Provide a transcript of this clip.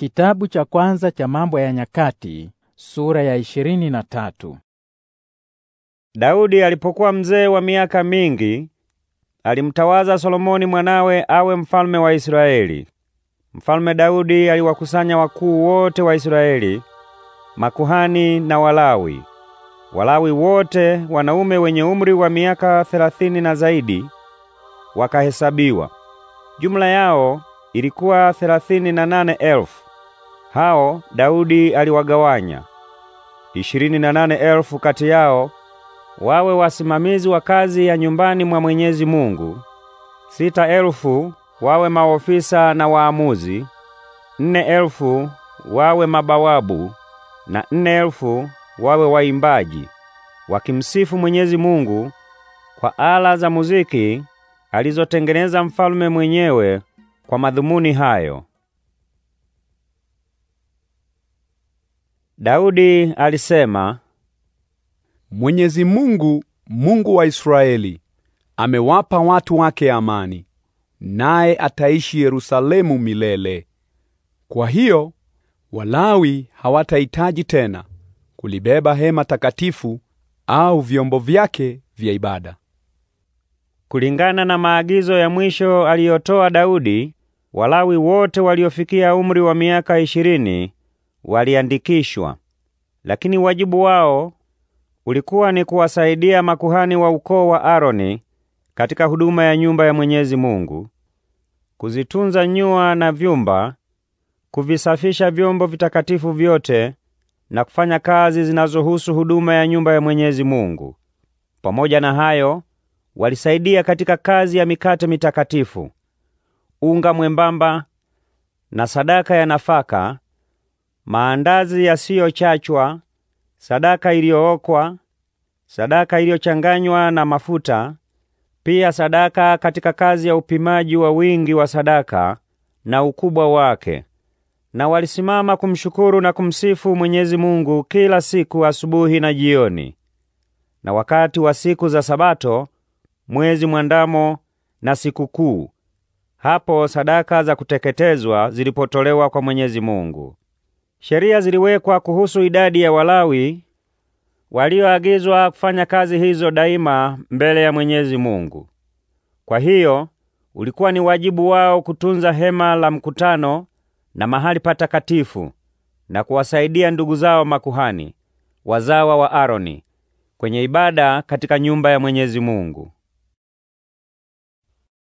Kitabu cha kwanza cha Mambo ya Nyakati sura ya ishirini na tatu. Daudi alipokuwa mzee wa miaka mingi alimtawaza Solomoni mwanawe awe mfalme wa Israeli. Mfalme Daudi aliwakusanya wakuu wote wa Israeli, makuhani na Walawi. Walawi wote wanaume wenye umri wa miaka thelathini na zaidi wakahesabiwa. Jumla yao ilikuwa thelathini na nane elfu. Hao Daudi aliwagawanya ishirini na nane elfu kati yao wawe wasimamizi wa kazi ya nyumbani mwa Mwenyezi Mungu, sita elfu wawe maofisa na waamuzi, nne elfu wawe mabawabu na nne elfu wawe waimbaji wakimsifu Mwenyezi Mungu kwa ala za muziki alizotengeneza mfalme mwenyewe kwa madhumuni hayo. Daudi alisema, Mwenyezi Mungu, Mungu wa Israeli, amewapa watu wake amani, naye ataishi Yerusalemu milele. Kwa hiyo Walawi hawatahitaji tena kulibeba hema takatifu au vyombo vyake vya ibada. Kulingana na maagizo ya mwisho aliyotoa Daudi, Walawi wote waliofikia umri wa miaka ishirini waliandikishwa, lakini wajibu wao ulikuwa ni kuwasaidia makuhani wa ukoo wa Aroni katika huduma ya nyumba ya Mwenyezi Mungu, kuzitunza nyua na vyumba, kuvisafisha vyombo vitakatifu vyote na kufanya kazi zinazohusu huduma ya nyumba ya Mwenyezi Mungu. Pamoja na hayo, walisaidia katika kazi ya mikate mitakatifu, unga mwembamba na sadaka ya nafaka maandazi yasiyochachwa, sadaka iliyookwa, sadaka iliyochanganywa na mafuta, pia sadaka katika kazi ya upimaji wa wingi wa sadaka na ukubwa wake. Na walisimama kumshukuru na kumsifu Mwenyezi Mungu kila siku asubuhi na jioni. Na wakati wa siku za Sabato, mwezi mwandamo na siku kuu hapo sadaka za kuteketezwa zilipotolewa kwa Mwenyezi Mungu. Sheria ziliwekwa kuhusu idadi ya Walawi walioagizwa kufanya kazi hizo daima mbele ya Mwenyezi Mungu. Kwa hiyo ulikuwa ni wajibu wao kutunza hema la mkutano na mahali patakatifu na kuwasaidia ndugu zao makuhani wazawa wa Aroni kwenye ibada katika nyumba ya Mwenyezi Mungu.